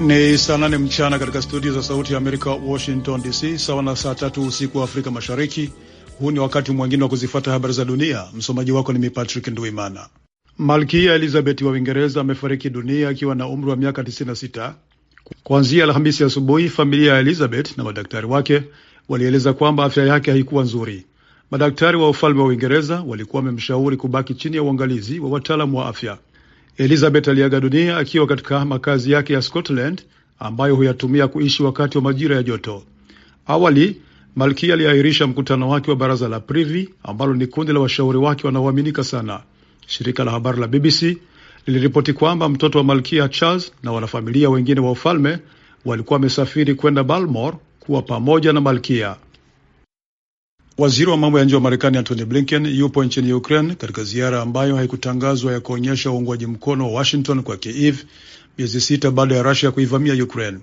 Ni saa nane mchana katika studio za Sauti ya Amerika, Washington DC, sawa na saa tatu usiku wa Afrika Mashariki. Huu ni wakati mwingine wa kuzifata habari za dunia. Msomaji wako ni mi Patrick Nduimana. Malkia Elizabeth wa Uingereza amefariki dunia akiwa na umri wa miaka 96. Kuanzia Alhamisi asubuhi, familia ya Elizabeth na madaktari wake walieleza kwamba afya yake haikuwa nzuri. Madaktari wa ufalme wa Uingereza walikuwa wamemshauri kubaki chini ya uangalizi wa wataalamu wa afya. Elizabeth aliaga dunia akiwa katika makazi yake ya Scotland ambayo huyatumia kuishi wakati wa majira ya joto. Awali malkia aliahirisha mkutano wake wa baraza la Privy ambalo ni kundi la washauri wake wanaoaminika sana. Shirika la habari la BBC liliripoti kwamba mtoto wa malkia Charles na wanafamilia wengine wa ufalme walikuwa wamesafiri kwenda Balmoral kuwa pamoja na malkia. Waziri wa mambo ya nje wa Marekani Antony Blinken yupo nchini Ukraine katika ziara ambayo haikutangazwa ya kuonyesha uungwaji mkono wa Washington kwa Kiev miezi sita baada ya rusia kuivamia Ukraine.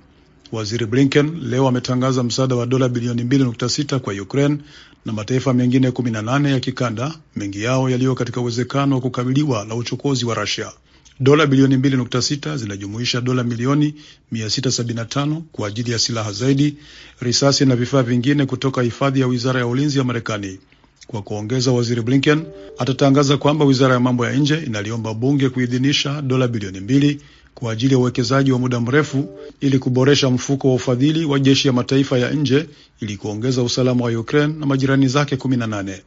Waziri Blinken leo ametangaza msaada wa dola bilioni 2.6 kwa Ukraine na mataifa mengine 18 ya kikanda, mengi yao yaliyo katika uwezekano wa kukabiliwa na uchokozi wa rusia Dola bilioni 2.6 zinajumuisha dola milioni 675 kwa ajili ya silaha zaidi, risasi na vifaa vingine kutoka hifadhi ya wizara ya ulinzi ya Marekani. Kwa kuongeza, waziri Blinken atatangaza kwamba wizara ya mambo ya nje inaliomba bunge kuidhinisha dola bilioni mbili kwa ajili ya uwekezaji wa muda mrefu ili kuboresha mfuko wa ufadhili wa jeshi ya mataifa ya nje ili kuongeza usalama wa Ukraine na majirani zake nane.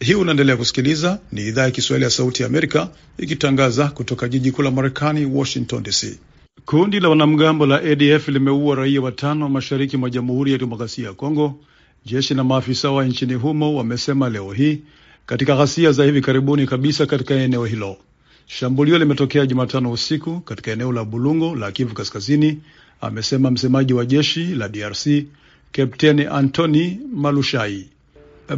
Hii unaendelea kusikiliza ni idhaa ya Kiswahili ya Sauti ya Amerika ikitangaza kutoka jiji kuu la Marekani, Washington DC. Kundi la wanamgambo la ADF limeua raia watano mashariki mwa Jamhuri ya Demokrasia ya Kongo, jeshi na maafisa wa nchini humo wamesema leo hii, katika ghasia za hivi karibuni kabisa katika eneo hilo. Shambulio limetokea Jumatano usiku katika eneo la Bulungo la Kivu Kaskazini, amesema msemaji wa jeshi la DRC Kapteni Antoni Malushai.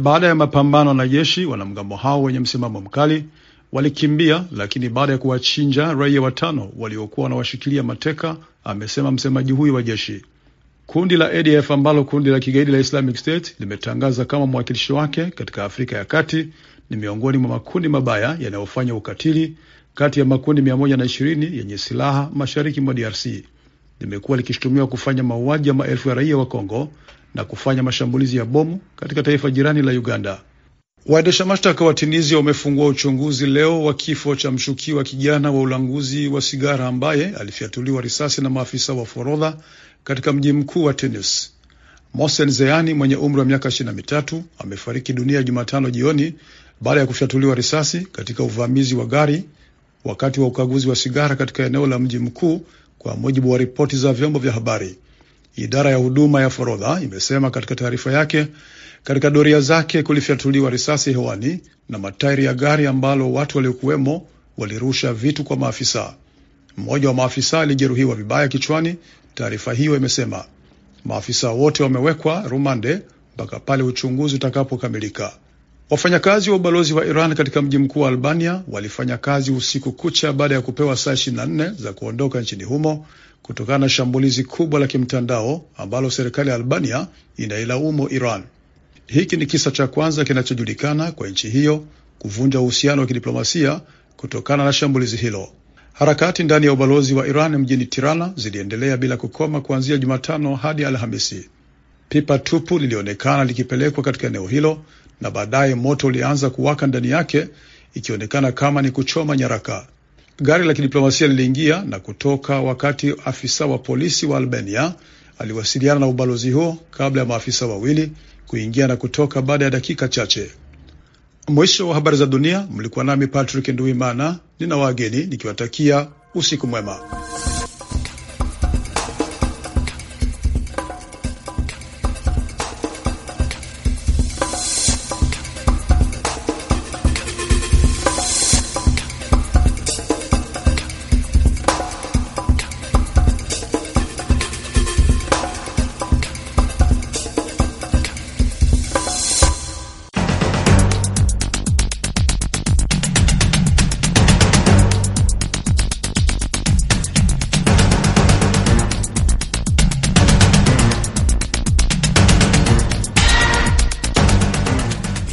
Baada ya mapambano na jeshi, wanamgambo hao wenye msimamo mkali walikimbia, lakini baada ya kuwachinja raia watano waliokuwa wanawashikilia mateka, amesema msemaji huyu wa jeshi. Kundi la ADF ambalo kundi la kigaidi la Islamic State limetangaza kama mwakilishi wake katika Afrika ya Kati ni miongoni mwa makundi mabaya yanayofanya ukatili kati ya makundi 120 yenye silaha mashariki mwa DRC limekuwa likishutumiwa kufanya mauaji ya maelfu ya raia wa Kongo na kufanya mashambulizi ya bomu katika taifa jirani la Uganda. Waendesha mashtaka wa Tunisia wamefungua uchunguzi leo wa kifo cha mshukiwa kijana wa ulanguzi wa sigara ambaye alifyatuliwa risasi na maafisa wa forodha katika mji mkuu wa Tunis. Mosen Zeani mwenye umri wa miaka ishirini na mitatu amefariki dunia Jumatano jioni baada ya kufyatuliwa risasi katika uvamizi wa gari wakati wa ukaguzi wa sigara katika eneo la mji mkuu kwa mujibu wa ripoti za vyombo vya habari. Idara ya huduma ya forodha imesema katika taarifa yake, katika doria zake kulifyatuliwa risasi hewani na matairi ya gari ambalo watu waliokuwemo walirusha vitu kwa maafisa. Mmoja wa maafisa alijeruhiwa vibaya kichwani, taarifa hiyo imesema. Maafisa wote wamewekwa rumande mpaka pale uchunguzi utakapokamilika. Wafanyakazi wa ubalozi wa Iran katika mji mkuu wa Albania walifanya kazi usiku kucha baada ya kupewa saa 24 za kuondoka nchini humo kutokana na shambulizi kubwa la kimtandao ambalo serikali ya Albania inailaumu Iran. Hiki ni kisa cha kwanza kinachojulikana kwa nchi hiyo kuvunja uhusiano wa kidiplomasia kutokana na shambulizi hilo. Harakati ndani ya ubalozi wa Iran mjini Tirana ziliendelea bila kukoma kuanzia Jumatano hadi Alhamisi. Pipa tupu lilionekana likipelekwa katika eneo hilo na baadaye moto ulianza kuwaka ndani yake, ikionekana kama ni kuchoma nyaraka. Gari la kidiplomasia liliingia na kutoka wakati afisa wa polisi wa Albania aliwasiliana na ubalozi huo kabla ya maafisa wawili kuingia na kutoka baada ya dakika chache. Mwisho wa habari za dunia. Mlikuwa nami Patrick Nduimana, nina wageni nikiwatakia usiku mwema.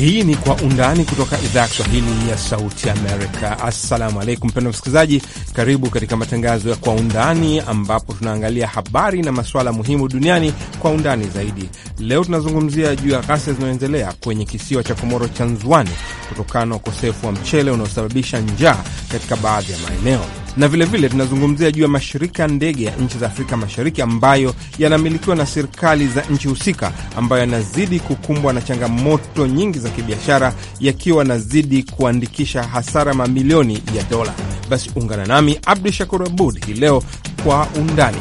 Hii ni Kwa Undani kutoka idhaa ya Kiswahili ya Sauti Amerika. Assalamu alaikum, mpendwa msikilizaji, karibu katika matangazo ya Kwa Undani ambapo tunaangalia habari na masuala muhimu duniani kwa undani zaidi. Leo tunazungumzia juu ya ghasia zinazoendelea kwenye kisiwa cha Komoro cha Nzwani kutokana na ukosefu wa mchele unaosababisha njaa katika baadhi ya maeneo na vilevile vile, tunazungumzia juu ya mashirika ndege ya nchi za Afrika Mashariki ambayo yanamilikiwa na serikali za nchi husika ambayo yanazidi kukumbwa na changamoto nyingi za kibiashara yakiwa yanazidi kuandikisha hasara mamilioni ya dola. Basi ungana nami Abdu Shakur Abud hii leo kwa undani.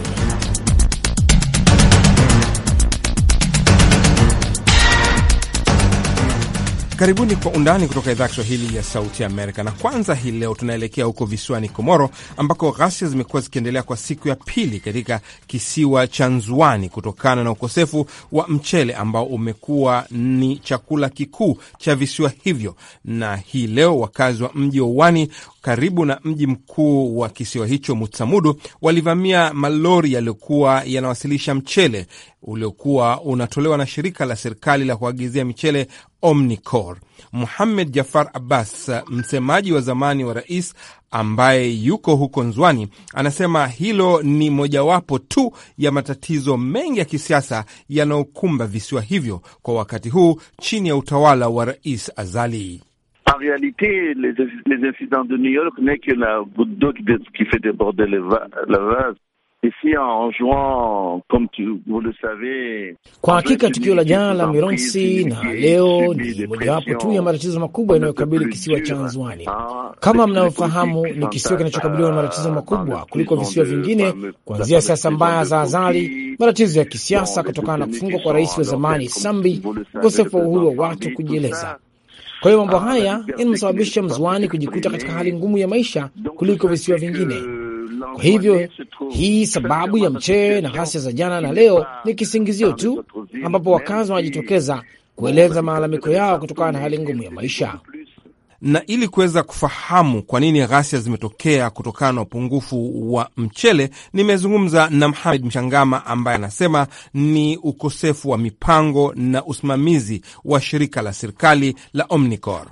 Karibuni kwa undani kutoka idhaa ya Kiswahili ya Sauti ya Amerika. Na kwanza hii leo tunaelekea huko visiwani Komoro, ambako ghasia zimekuwa zikiendelea kwa siku ya pili katika kisiwa cha Nzwani kutokana na ukosefu wa mchele ambao umekuwa ni chakula kikuu cha visiwa hivyo. Na hii leo wakazi wa mji wa Uwani karibu na mji mkuu wa kisiwa hicho Mutsamudu walivamia malori yaliyokuwa yanawasilisha mchele uliokuwa unatolewa na shirika la serikali la kuagizia michele Omnicor. Muhamed Jafar Abbas, msemaji wa zamani wa rais ambaye yuko huko Nzwani, anasema hilo ni mojawapo tu ya matatizo mengi ya kisiasa yanayokumba visiwa hivyo kwa wakati huu chini ya utawala wa Rais Azali. En les, les incidents de New York n'est que la goutte d'eau qui fait déborder le vase ici en juin comme tu, vous le savez. Kwa hakika tukio la jana la Mironsi na leo ni mojawapo tu ya matatizo makubwa yanayokabili kisiwa cha Anzwani. Ah, Kama mnavyofahamu, ni kisiwa kinachokabiliwa na ah, matatizo makubwa kuliko visiwa vingine, kuanzia siasa mbaya za azali, matatizo ya kisiasa kutokana na kufungwa kwa rais wa zamani Sambi, ukosefu wa uhuru wa watu kujieleza. Kwa hiyo mambo haya yanamsababisha Mzwani kujikuta katika hali ngumu ya maisha kuliko visiwa vingine. Kwa hivyo hii sababu ya mchee na ghasia za jana na leo ni kisingizio tu, ambapo wakazi wanajitokeza kueleza malalamiko yao kutokana na hali ngumu ya maisha. Na ili kuweza kufahamu kwa nini ghasia zimetokea kutokana na upungufu wa mchele, nimezungumza na mhamed Mshangama ambaye anasema ni ukosefu wa mipango na usimamizi wa shirika la serikali la Omnicor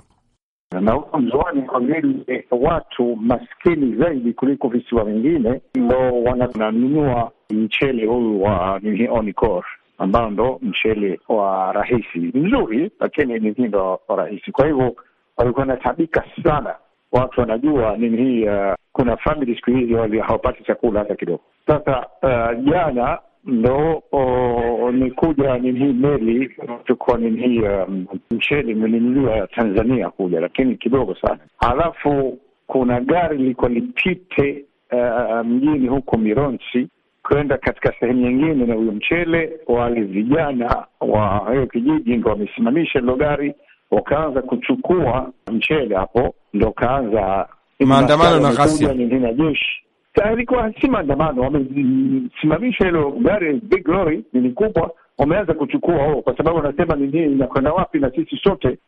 na huko mzoani kwa kweli eh, watu maskini zaidi kuliko visiwa vingine ndo wananunua mchele huyu wa Onikor ambao ndo mchele wa rahisi mzuri, lakini ni hindo rahisi. Kwa hivyo walikuwa wanatabika sana, watu wanajua nini hii. Uh, kuna famili siku hizi hawapati chakula hata kidogo. Sasa uh, jana uh, Ndo ni kuja ni hii meli tukuwa ni hii um, mchele melinuliwa ya Tanzania kuja, lakini kidogo sana. Halafu kuna gari lilikuwa lipite uh, mjini huko Mironsi kwenda katika sehemu nyingine, na huyo mchele wale vijana wa hiyo kijiji ndo wamesimamisha hilo gari, wakaanza kuchukua mchele hapo, ndo kaanza maandamano na ghasia na jeshi yalikuwa si maandamano, wamesimamisha hilo gari big lori, nini kubwa, wameanza kuchukua oh, kwa sababu wanasema nini, inakwenda wapi na sisi sote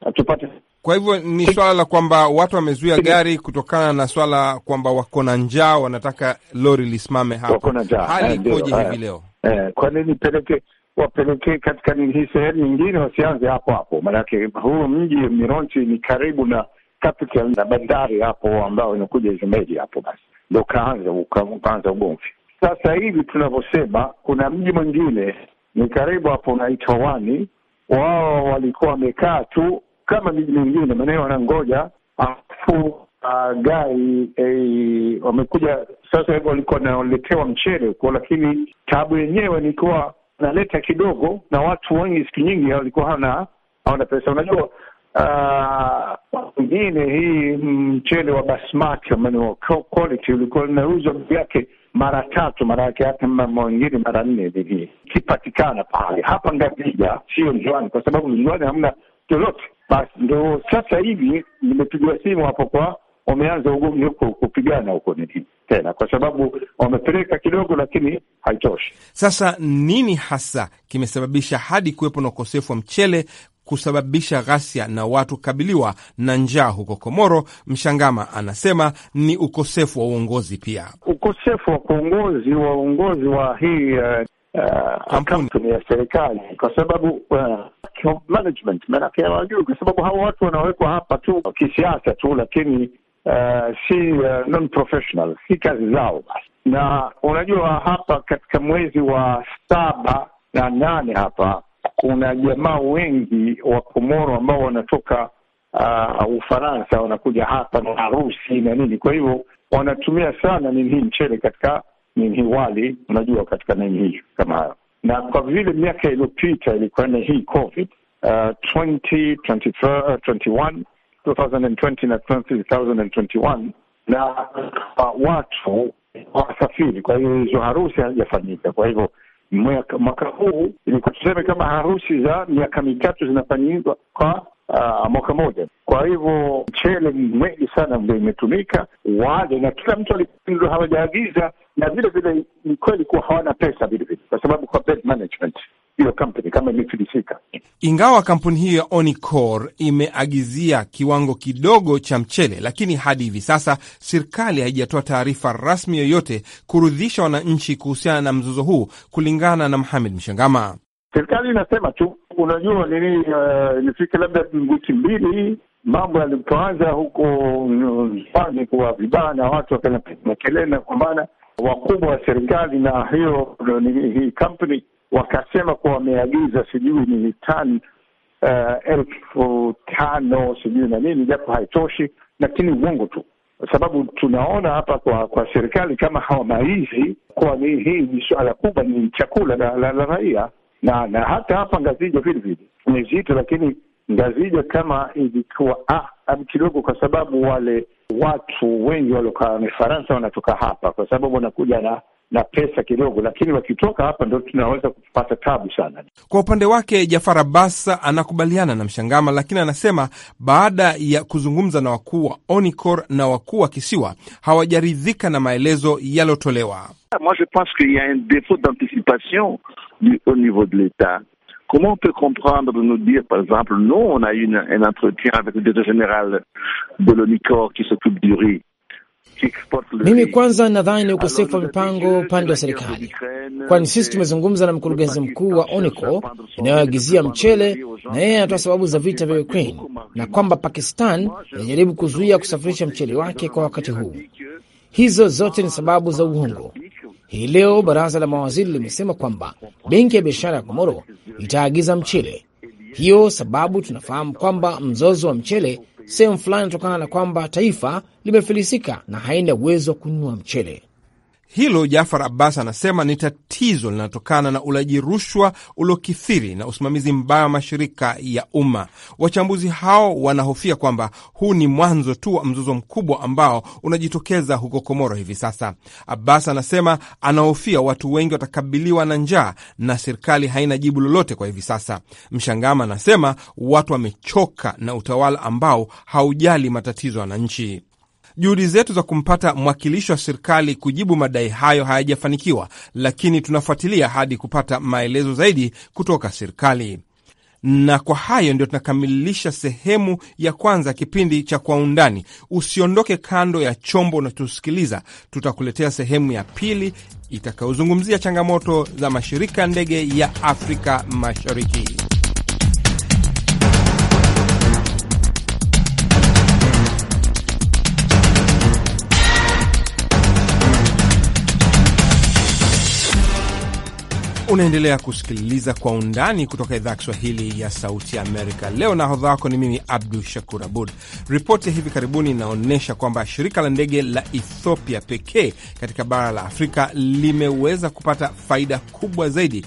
hatupate. Kwa hivyo ni swala la kwamba watu wamezuia gari kutokana na swala kwamba wako na njaa, wanataka lori lisimame hapo. Hali eh, ikoje hivi eh. leo? Eh, kwa nini peleke wapelekee katika hii sehemu nyingine, wasianze hapo hapo, maanake huu mji Mironchi ni karibu na capital na bandari hapo, ambao inakuja Izmeli hapo basi ndo ukaanza ugomvi. Sasa hivi tunavyosema, kuna mji mwingine ni karibu hapo unaitwa Wani, wao walikuwa wamekaa tu kama miji mingine, maeneo wanangoja alafu Uh, ah, gai eh, wamekuja sasa hivi, walikuwa naletewa mchele huko, lakini tabu yenyewe kuwa naleta kidogo, na watu wengi siku nyingi walikuwa hawana hawana pesa. Unajua Ah, wengine uh, hii mchele wa basmati quality ulikuwa linauzwa bei yake mara tatu, mara yake hata mwingine mara nne hivi, ikipatikana pale. Hapa Ngabija sio Mzwani, kwa sababu Mzwani hamna lolote. Basi ndo sasa hivi nimepigwa simu hapo kwa wameanza ugomvi huko kupigana huko nini tena, kwa sababu wamepeleka kidogo, lakini haitoshi. Sasa nini hasa kimesababisha hadi kuwepo na ukosefu wa mchele kusababisha ghasia na watu kukabiliwa na njaa huko Komoro. Mshangama anasema ni ukosefu wa uongozi pia, ukosefu wa kuongozi wa uongozi wa hii uh... Uh, kampuni ya serikali kwa sababu uh, management manake hawajui, kwa sababu hawa watu wanawekwa hapa tu kisiasa tu, lakini uh, si uh, non professional, si kazi zao basi. Na unajua hapa katika mwezi wa saba na nane hapa kuna jamaa wengi wa Komoro ambao wanatoka uh, Ufaransa wanakuja hapa na harusi na nini, kwa hivyo wanatumia sana nini hii mchele katika nini hii wali, unajua katika nini hii kama hayo. Na kwa vile miaka iliyopita ilikuwa na hii COVID uh, ah, 2020 na 2021 na uh, watu wasafiri, kwa hiyo hizo harusi hazijafanyika, kwa hivyo mwaka, mwaka huu ilikuwa tuseme kama harusi za miaka mitatu zinafanyika kwa Uh, mwaka moja. Kwa hivyo mchele mwengi sana ndio imetumika wale, na kila mtu alio hawajaagiza, na vile vile ni kweli kuwa hawana pesa vile vile, kwa sababu kwa management hiyo kampuni kama imefilisika. Ingawa kampuni hiyo ya Onicor imeagizia kiwango kidogo cha mchele, lakini hadi hivi sasa serikali haijatoa taarifa rasmi yoyote kurudhisha wananchi kuhusiana na mzozo huu. Kulingana na Mohamed Mshangama, serikali inasema tu, unajua nini, uh, labda wiki mbili mambo yalipoanza huko Pwani mm, kuwa vibaya na watu wakapiga makelele na kupambana, wakubwa wa serikali na hiyo hii kampuni wakasema kuwa wameagiza sijui ni tani uh, elfu tano sijui na nini, japo haitoshi, lakini uongo tu, kwa sababu tunaona hapa kwa kwa serikali kama hawamaizi kuwa hii ni suala kubwa, ni chakula la, la, la raia na na hata hapa Ngazija vile vile ni zito, lakini Ngazija kama ilikuwa ah, kidogo, kwa sababu wale watu wengi waliokaa mifaransa wanatoka hapa, kwa sababu wanakuja na na pesa kidogo, lakini wakitoka hapa ndo tunaweza kupata tabu sana. Kwa upande wake, Jafar Abbas anakubaliana na Mshangama, lakini anasema baada ya kuzungumza na wakuu wa Onicor na wakuu wa kisiwa hawajaridhika na maelezo yaliyotolewa. Moi je pense qu'il y a un d'anticipation au niveau de l'etat Comment on peut comprendre de nous dire, par exemple, nous, on a eu un entretien avec le directeur général de l'ONICOR qui s'occupe du riz. Mimi kwanza nadhani ni ukosefu wa mipango upande wa serikali, kwani sisi tumezungumza na mkurugenzi mkuu wa ONICO inayoagizia mchele, na yeye anatoa sababu za vita vya Ukraine na kwamba Pakistan inajaribu kuzuia kusafirisha mchele wake kwa wakati huu. Hizo zote ni sababu za uongo. Hii leo baraza la mawaziri limesema kwamba benki ya biashara ya Komoro itaagiza mchele. Hiyo sababu tunafahamu kwamba mzozo wa mchele sehemu fulani, kutokana na kwamba taifa limefilisika na haina uwezo wa kununua mchele. Hilo Jafar Abbas anasema ni tatizo linatokana na ulaji rushwa uliokithiri na usimamizi mbaya wa mashirika ya umma. Wachambuzi hao wanahofia kwamba huu ni mwanzo tu wa mzozo mkubwa ambao unajitokeza huko Komoro hivi sasa. Abbas anasema anahofia watu wengi watakabiliwa na njaa na serikali haina jibu lolote kwa hivi sasa. Mshangama anasema watu wamechoka na utawala ambao haujali matatizo ya wananchi. Juhudi zetu za kumpata mwakilishi wa serikali kujibu madai hayo hayajafanikiwa, lakini tunafuatilia hadi kupata maelezo zaidi kutoka serikali. Na kwa hayo ndio tunakamilisha sehemu ya kwanza kipindi cha Kwa Undani. Usiondoke kando ya chombo unachosikiliza, tutakuletea sehemu ya pili itakayozungumzia changamoto za mashirika ndege ya Afrika Mashariki. Unaendelea kusikiliza Kwa Undani kutoka idhaa ya Kiswahili ya Sauti Amerika. Leo nahodha wako ni mimi Abdu Shakur Abud. Ripoti ya hivi karibuni inaonyesha kwamba shirika la ndege la Ethiopia pekee katika bara la Afrika limeweza kupata faida kubwa zaidi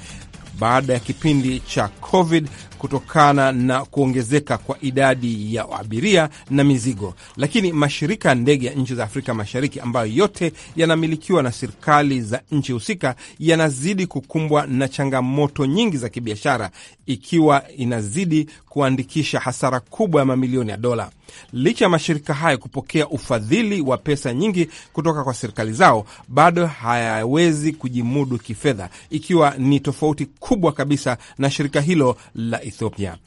baada ya kipindi cha COVID kutokana na kuongezeka kwa idadi ya abiria na mizigo, lakini mashirika ya ndege ya nchi za Afrika Mashariki ambayo yote yanamilikiwa na serikali za nchi husika yanazidi kukumbwa na changamoto nyingi za kibiashara, ikiwa inazidi kuandikisha hasara kubwa ya mamilioni ya dola. Licha ya mashirika hayo kupokea ufadhili wa pesa nyingi kutoka kwa serikali zao, bado hayawezi kujimudu kifedha, ikiwa ni tofauti kubwa kabisa na shirika hilo hilo la Ethiopia.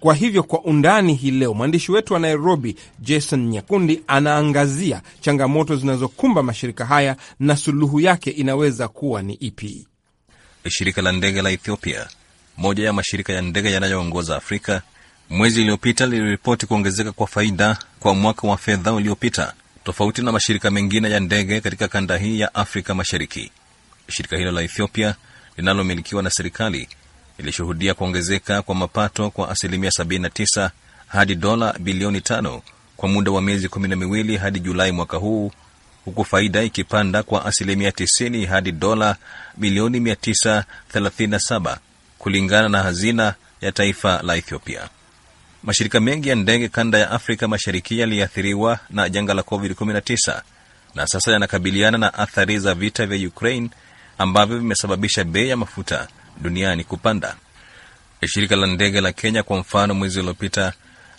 Kwa hivyo kwa undani hii leo mwandishi wetu wa Nairobi, Jason Nyakundi, anaangazia changamoto zinazokumba mashirika haya na suluhu yake inaweza kuwa ni ipi. Shirika la ndege la Ethiopia, moja ya mashirika ya ndege yanayoongoza Afrika, mwezi uliopita liliripoti kuongezeka kwa faida kwa mwaka wa fedha uliopita, tofauti na mashirika mengine ya ndege katika kanda hii ya Afrika Mashariki. Shirika hilo la Ethiopia linalomilikiwa na serikali ilishuhudia kuongezeka kwa mapato kwa asilimia 79 hadi dola bilioni tano kwa muda wa miezi 12 hadi Julai mwaka huu, huku faida ikipanda kwa asilimia 90 hadi dola bilioni 937 kulingana na hazina ya taifa la Ethiopia. Mashirika mengi ya ndege kanda ya Afrika Mashariki yaliathiriwa na janga la COVID-19 na sasa yanakabiliana na athari za vita vya Ukraine ambavyo vimesababisha bei ya mafuta duniani kupanda. E, shirika la ndege la Kenya kwa mfano, mwezi uliopita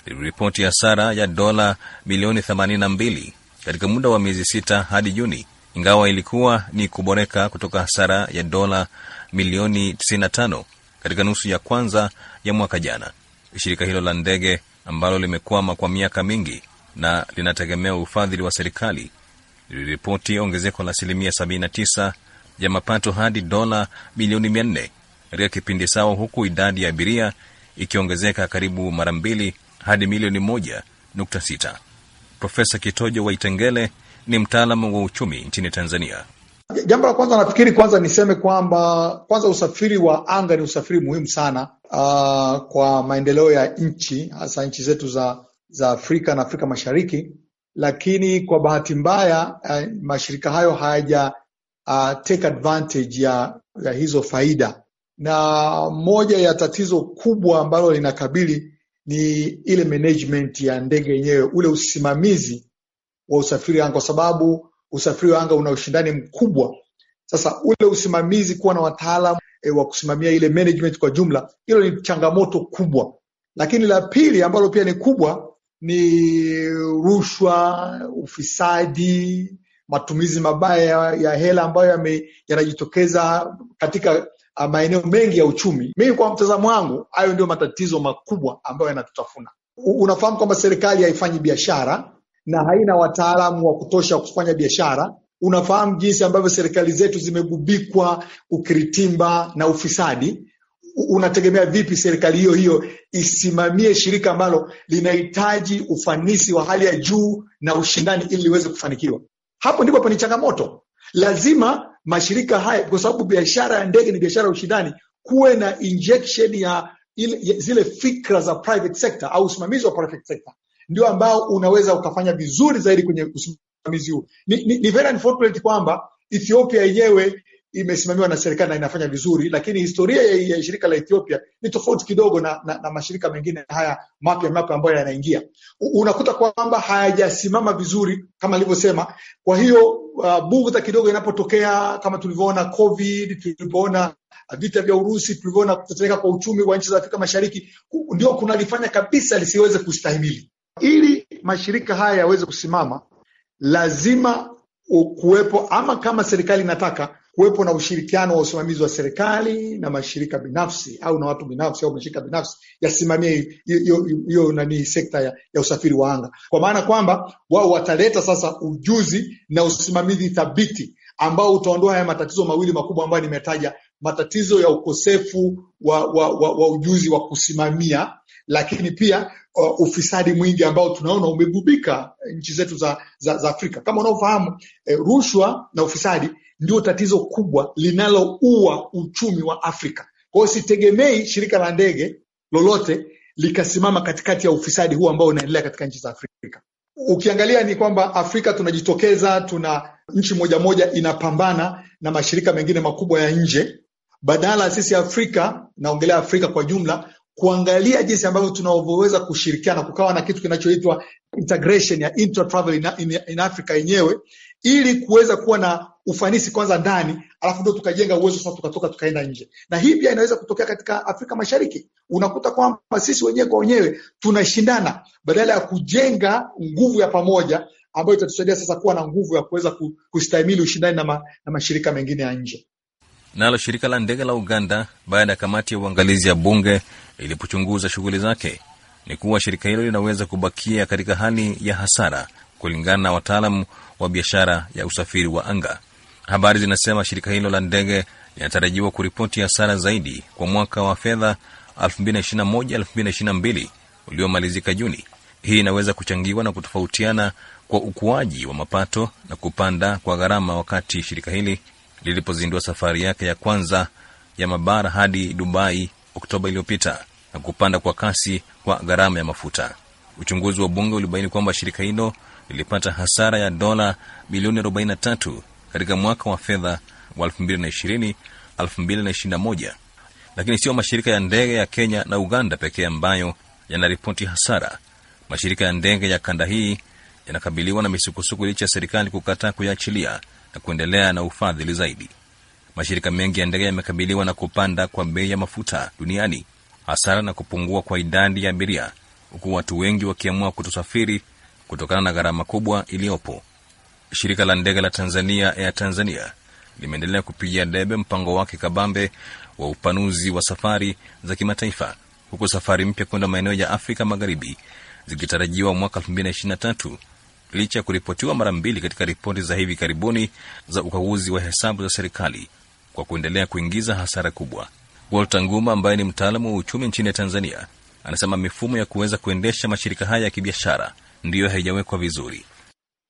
liliripoti hasara ya dola milioni 82 katika muda wa miezi sita hadi Juni, ingawa ilikuwa ni kuboreka kutoka hasara ya dola milioni 95 katika nusu ya kwanza ya mwaka jana. Shirika hilo la ndege ambalo limekwama kwa miaka mingi na linategemea ufadhili wa serikali liliripoti ongezeko la asilimia 79 ya mapato hadi dola milioni katika kipindi sawa, huku idadi ya abiria ikiongezeka karibu mara mbili hadi milioni moja nukta sita. Profesa Kitojo Waitengele ni mtaalamu wa uchumi nchini Tanzania. Jambo la kwanza nafikiri, kwanza niseme kwamba kwanza usafiri wa anga ni usafiri muhimu sana uh, kwa maendeleo ya nchi hasa nchi zetu za, za Afrika na Afrika Mashariki, lakini kwa bahati mbaya uh, mashirika hayo hayaja uh, take advantage ya, ya hizo faida na moja ya tatizo kubwa ambalo linakabili ni ile management ya ndege yenyewe, ule usimamizi wa usafiri wa anga, kwa sababu usafiri wa anga una ushindani mkubwa. Sasa ule usimamizi, kuwa na wataalamu e, wa kusimamia ile management kwa jumla, hilo ni changamoto kubwa. Lakini la pili ambalo pia ni kubwa ni rushwa, ufisadi, matumizi mabaya ya hela ambayo yanajitokeza katika maeneo mengi ya uchumi. Mimi kwa mtazamo wangu, hayo ndio matatizo makubwa ambayo yanatutafuna. Unafahamu kwamba serikali haifanyi biashara na haina wataalamu wa kutosha kufanya biashara. Unafahamu jinsi ambavyo serikali zetu zimegubikwa ukiritimba na ufisadi. Unategemea vipi serikali hiyo hiyo isimamie shirika ambalo linahitaji ufanisi wa hali ya juu na ushindani ili liweze kufanikiwa? Hapo ndipo pani changamoto. Lazima mashirika haya, kwa sababu biashara ya ndege ni biashara ya ushindani, kuwe na injection ya ile, zile fikra za private sector au usimamizi wa private sector ndio ambao unaweza ukafanya vizuri zaidi kwenye usimamizi huu. Ni, ni, ni very unfortunate kwamba Ethiopia yenyewe imesimamiwa na serikali na inafanya vizuri, lakini historia ya, ya shirika la Ethiopia ni tofauti kidogo na, na, na mashirika mengine haya mapya mapya ambayo yanaingia, unakuta kwamba hayajasimama vizuri kama alivyosema. Kwa hiyo uh, bugudha kidogo inapotokea kama tulivyoona COVID, tulipoona vita vya Urusi, tulivyoona kutetereka kwa uchumi wa nchi za Afrika Mashariki, ndio kunalifanya kabisa lisiweze kustahimili. Ili mashirika haya yaweze kusimama, lazima kuwepo ama, kama serikali inataka kuwepo na ushirikiano wa usimamizi wa serikali na mashirika binafsi au na watu binafsi au mashirika binafsi yasimamie hiyo nani sekta ya, ya usafiri wa anga, kwa maana kwamba wao wataleta sasa ujuzi na usimamizi thabiti ambao utaondoa haya matatizo mawili makubwa ambayo nimetaja, matatizo ya ukosefu wa, wa, wa, wa ujuzi wa kusimamia, lakini pia uh, ufisadi mwingi ambao tunaona umegubika nchi zetu za, za, za Afrika. Kama unaofahamu eh, rushwa na ufisadi ndio tatizo kubwa linaloua uchumi wa Afrika. Kwa hiyo sitegemei shirika la ndege lolote likasimama katikati ya ufisadi huu ambao unaendelea katika nchi za Afrika. Ukiangalia ni kwamba Afrika tunajitokeza, tuna nchi moja moja inapambana na mashirika mengine makubwa ya nje, badala sisi Afrika, naongelea Afrika kwa jumla, kuangalia jinsi ambavyo tunavyoweza kushirikiana, kukawa na kitu kinachoitwa integration ya intra travel in, in, in Africa yenyewe ili kuweza kuwa na ufanisi kwanza ndani, alafu ndio tukajenga uwezo sasa, tukatoka tukaenda nje. Na hii pia inaweza kutokea katika Afrika Mashariki. Unakuta kwamba sisi wenyewe kwa wenyewe tunashindana badala ya kujenga nguvu ya pamoja ambayo itatusaidia sasa kuwa na nguvu ya kuweza kustahimili ushindani na, ma, na mashirika mengine ya nje. Nalo shirika la ndege la Uganda baada ya kamati ya uangalizi ya bunge ilipochunguza shughuli zake, ni kuwa shirika hilo linaweza kubakia katika hali ya hasara kulingana na wataalamu wa biashara ya usafiri wa anga. Habari zinasema shirika hilo la ndege linatarajiwa kuripoti hasara zaidi kwa mwaka wa fedha 2021-2022 uliomalizika Juni. Hii inaweza kuchangiwa na kutofautiana kwa ukuaji wa mapato na kupanda kwa gharama, wakati shirika hili lilipozindua safari yake ya kwanza ya mabara hadi Dubai Oktoba iliyopita na kupanda kwa kasi kwa gharama ya mafuta. Uchunguzi wa bunge ulibaini kwamba shirika hilo lilipata hasara ya dola milioni 43 katika mwaka wa fedha wa 2020 2021 lakini sio mashirika ya ndege ya kenya na uganda pekee ambayo yanaripoti hasara mashirika ya ndege ya kanda hii yanakabiliwa na misukosuko licha ya serikali kukataa kuyaachilia na kuendelea na ufadhili zaidi mashirika mengi ya ndege yamekabiliwa na kupanda kwa bei ya mafuta duniani hasara na kupungua kwa idadi ya abiria huku watu wengi wakiamua kutosafiri kutokana na gharama kubwa iliyopo. Shirika la ndege la Tanzania Air Tanzania limeendelea kupigia debe mpango wake kabambe wa upanuzi wa safari za kimataifa, huku safari mpya kwenda maeneo ya Afrika Magharibi zikitarajiwa mwaka 223 licha ya kuripotiwa mara mbili katika ripoti za hivi karibuni za ukaguzi wa hesabu za serikali kwa kuendelea kuingiza hasara kubwa. Walter Nguma ambaye ni mtaalamu wa uchumi nchini Tanzania anasema mifumo ya kuweza kuendesha mashirika haya ya kibiashara ndiyo haijawekwa vizuri.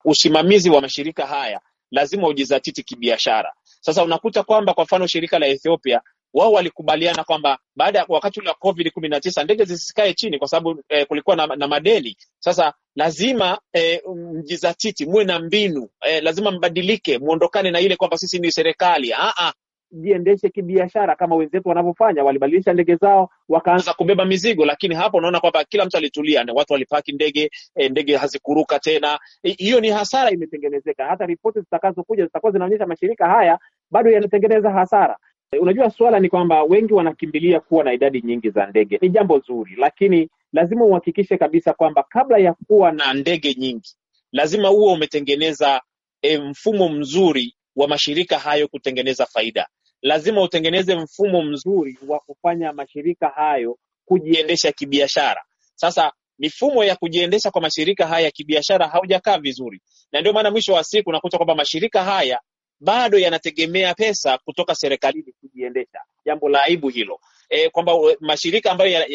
Usimamizi wa mashirika haya lazima ujizatiti kibiashara. Sasa unakuta kwamba kwa mfano shirika la Ethiopia wao walikubaliana kwamba baada ya wakati ule wa Covid kumi na tisa ndege zisikae chini kwa sababu eh, kulikuwa na, na madeni. Sasa lazima eh, mjizatiti muwe na mbinu eh, lazima mbadilike, mwondokane na ile kwamba sisi ni serikali. Ah, ah jiendeshe kibiashara kama wenzetu wanavyofanya. Walibadilisha ndege zao wakaanza kubeba mizigo, lakini hapo unaona kwamba kila mtu alitulia, watu walipaki ndege e, ndege hazikuruka tena. Hiyo e, ni hasara imetengenezeka. Hata ripoti zitakazokuja zitakuwa zinaonyesha mashirika haya bado yanatengeneza hasara. E, unajua suala ni kwamba wengi wanakimbilia kuwa na idadi nyingi za ndege. Ni jambo zuri, lakini lazima uhakikishe kabisa kwamba kabla ya kuwa na ndege nyingi, lazima huwa umetengeneza e, mfumo mzuri wa mashirika hayo kutengeneza faida. Lazima utengeneze mfumo mzuri wa kufanya mashirika hayo kujiendesha kibiashara. Sasa mifumo ya kujiendesha kwa mashirika haya ya kibiashara haujakaa vizuri, na ndio maana mwisho wa siku unakuta kwamba mashirika haya bado yanategemea pesa kutoka serikalini kujiendesha. Jambo la aibu hilo e, kwamba mashirika ambayo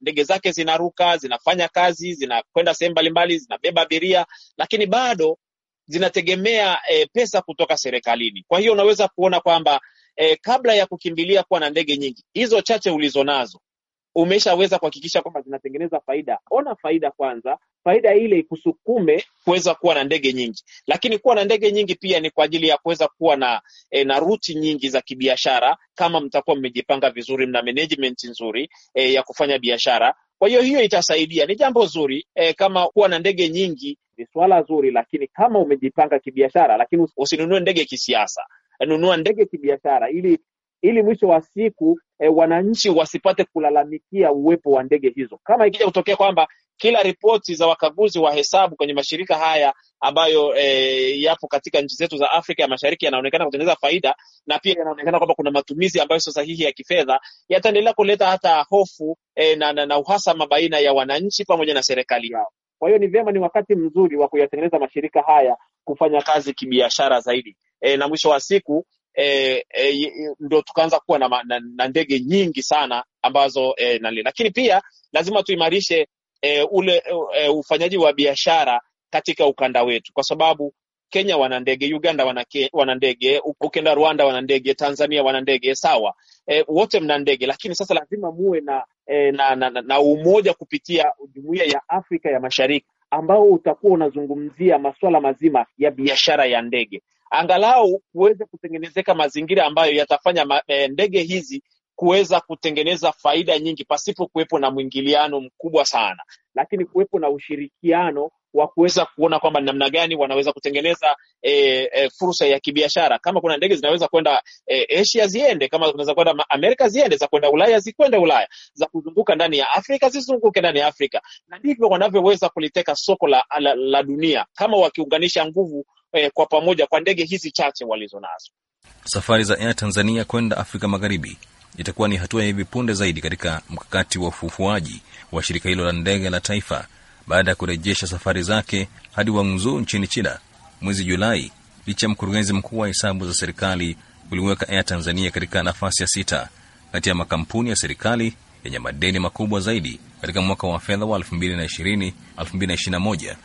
ndege zake zinaruka, zinafanya kazi, zinakwenda sehemu mbalimbali, zinabeba abiria, lakini bado zinategemea e, pesa kutoka serikalini. Kwa hiyo unaweza kuona kwamba e, kabla ya kukimbilia kuwa na ndege nyingi, hizo chache ulizonazo umeshaweza kuhakikisha kwamba zinatengeneza faida. Ona faida kwanza, faida ile ikusukume kuweza kuwa na ndege nyingi. Lakini kuwa na ndege nyingi pia ni kwa ajili ya kuweza kuwa na e, na ruti nyingi za kibiashara, kama mtakuwa mmejipanga vizuri, mna management nzuri e, ya kufanya biashara. Kwa hiyo hiyo itasaidia, ni jambo zuri e, kama kuwa na ndege nyingi ni swala zuri, lakini kama umejipanga kibiashara, lakini usinunue ndege kisiasa, nunua ndege kibiashara ili ili mwisho wa siku e, wananchi wasipate kulalamikia uwepo wa ndege hizo. Kama ikija kutokea kwamba kila ripoti za wakaguzi wa hesabu kwenye mashirika haya ambayo e, yapo katika nchi zetu za Afrika ya Mashariki yanaonekana kutengeneza faida na pia yanaonekana kwamba kuna matumizi ambayo sio sahihi ya kifedha, yataendelea kuleta hata hofu e, na, na, na uhasama baina ya wananchi pamoja na serikali yao. Kwa hiyo ni vyema, ni wakati mzuri wa kuyatengeneza mashirika haya kufanya kazi kibiashara zaidi e, na mwisho wa siku E, e, ndo tukaanza kuwa na, na, na ndege nyingi sana ambazo e, nani, lakini pia lazima tuimarishe e, ule e, ufanyaji wa biashara katika ukanda wetu, kwa sababu Kenya wana ndege, Uganda wana ndege, ukenda Rwanda wana ndege, Tanzania wana ndege, sawa e, wote mna ndege, lakini sasa lazima muwe na, e, na, na, na, na umoja kupitia Jumuiya ya Afrika ya Mashariki ambao utakuwa unazungumzia masuala mazima ya biashara ya ndege, angalau kuweze kutengenezeka mazingira ambayo yatafanya ma, e, ndege hizi kuweza kutengeneza faida nyingi pasipo kuwepo na mwingiliano mkubwa sana, lakini kuwepo na ushirikiano wa kuweza kuona kwamba namna gani wanaweza kutengeneza e, e, fursa ya kibiashara. Kama kuna ndege zinaweza kwenda e, Asia ziende, kama zinaweza kwenda Amerika ziende, za kwenda Ulaya zikwende Ulaya, za kuzunguka ndani ya Afrika zizunguke ndani ya Afrika, na ndivyo wanavyoweza kuliteka soko la, la, la dunia kama wakiunganisha nguvu e, kwa pamoja kwa ndege hizi chache walizonazo. Safari za Air Tanzania kwenda Afrika Magharibi itakuwa ni hatua ya hivi punde zaidi katika mkakati wa ufufuaji wa shirika hilo la ndege la taifa baada ya kurejesha safari zake hadi Guangzhou nchini China mwezi Julai, licha ya mkurugenzi mkuu wa hesabu za serikali kuliweka Air Tanzania katika nafasi ya sita kati ya makampuni ya serikali yenye madeni makubwa zaidi katika mwaka wa fedha wa 2020 2021.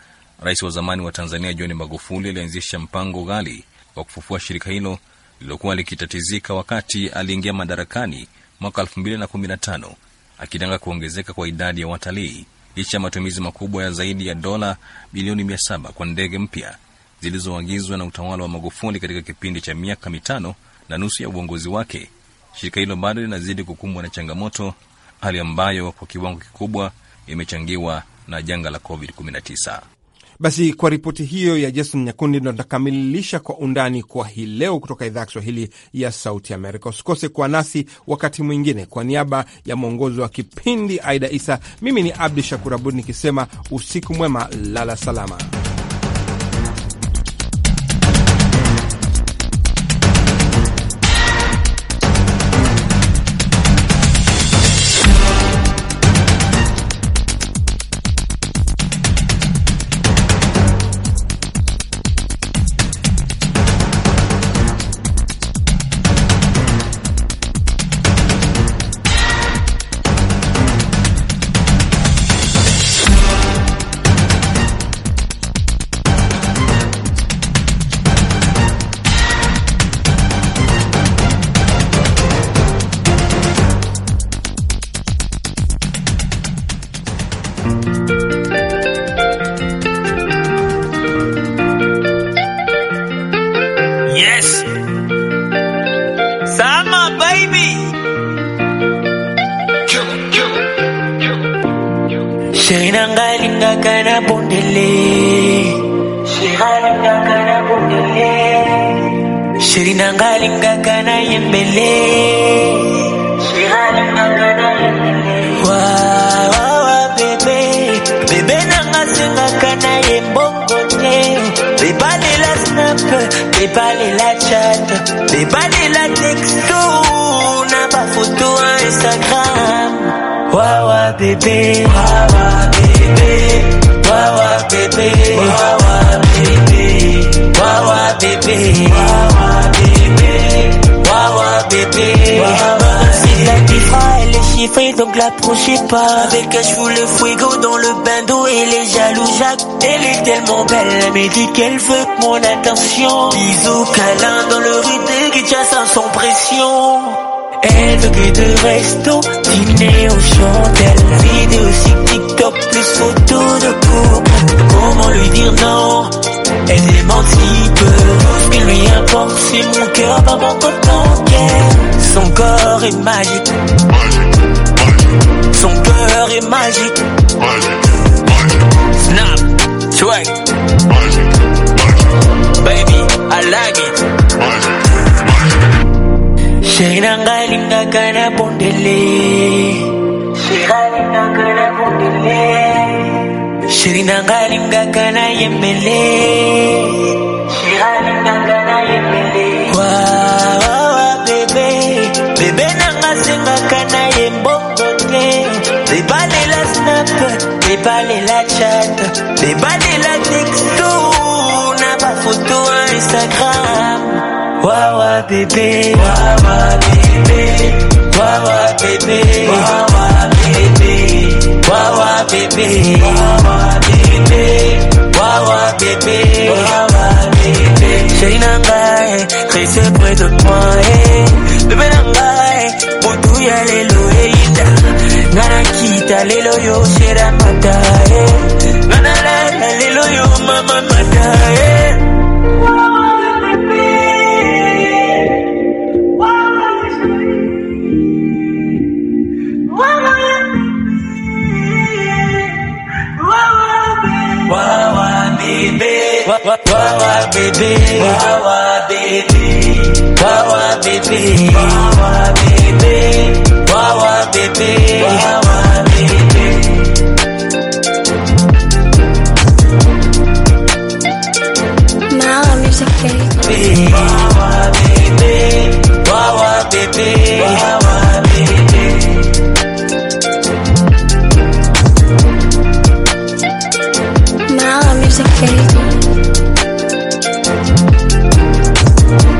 Rais wa zamani wa Tanzania John Magufuli alianzisha mpango ghali wa kufufua shirika hilo lililokuwa likitatizika wakati aliingia madarakani mwaka 2015 akitanga kuongezeka kwa idadi ya watalii licha ya matumizi makubwa ya zaidi ya dola bilioni 700 kwa ndege mpya zilizoagizwa na utawala wa Magufuli katika kipindi cha miaka mitano na nusu ya uongozi wake. Shirika hilo bado linazidi kukumbwa na changamoto, hali ambayo kwa kiwango kikubwa imechangiwa na janga la COVID-19. Basi kwa ripoti hiyo ya Jason Nyakundi ndo tutakamilisha kwa undani kwa hii leo kutoka idhaa ya Kiswahili ya Sauti Amerika. Usikose kuwa nasi wakati mwingine. Kwa niaba ya mwongozo wa kipindi Aida Isa, mimi ni Abdu Shakur Abud nikisema usiku mwema, lala salama. Déballez la snap, déballez la chat, déballez la texto, on n'a pas photo à Instagram. Wawa bébé, wawa bébé, wawa bébé, wawa bébé, wawa bébé, wawa bébé, wawa bébé, wawa bébé fait donc l'approchez pas. Avec un je le fuego dans le bain d'eau et les jaloux Jacques. Elle est tellement belle, elle me dit qu'elle veut mon attention. Bisous, câlin dans le rue qui tient sans pression. Elle veut que de resto, dîner au chandelles, vidéo sur TikTok, plus photo de couple. Comment lui dire non? Elle est mentique Ce lui importe si mon cœur va pas mon qu'elle Son corps est magique Son cœur est magique Snap, swag Baby, I like it Chérie nanga linga kana bondele Chérie nanga kana bondele Shirina galim gagana yemele Shirina gagana yemele Wow, wow, wow, bebe Bebe nanga singa kana yembongo te Bebale la snap, bebale la chat Bebale la texto Na ba photo a Instagram Wow, wow, bebe Wow, wow, bebe Wow, wow, bebe Wow, bébé. Wawa bébé. Wawa bébé. près de moi. Bébé nangai, pour ya lelo eita. Nana kita lelo yo shera mata. Nana lelo yo mama mata. Wawa baby, wawa baby, wawa baby, wawa baby, wawa baby, baby.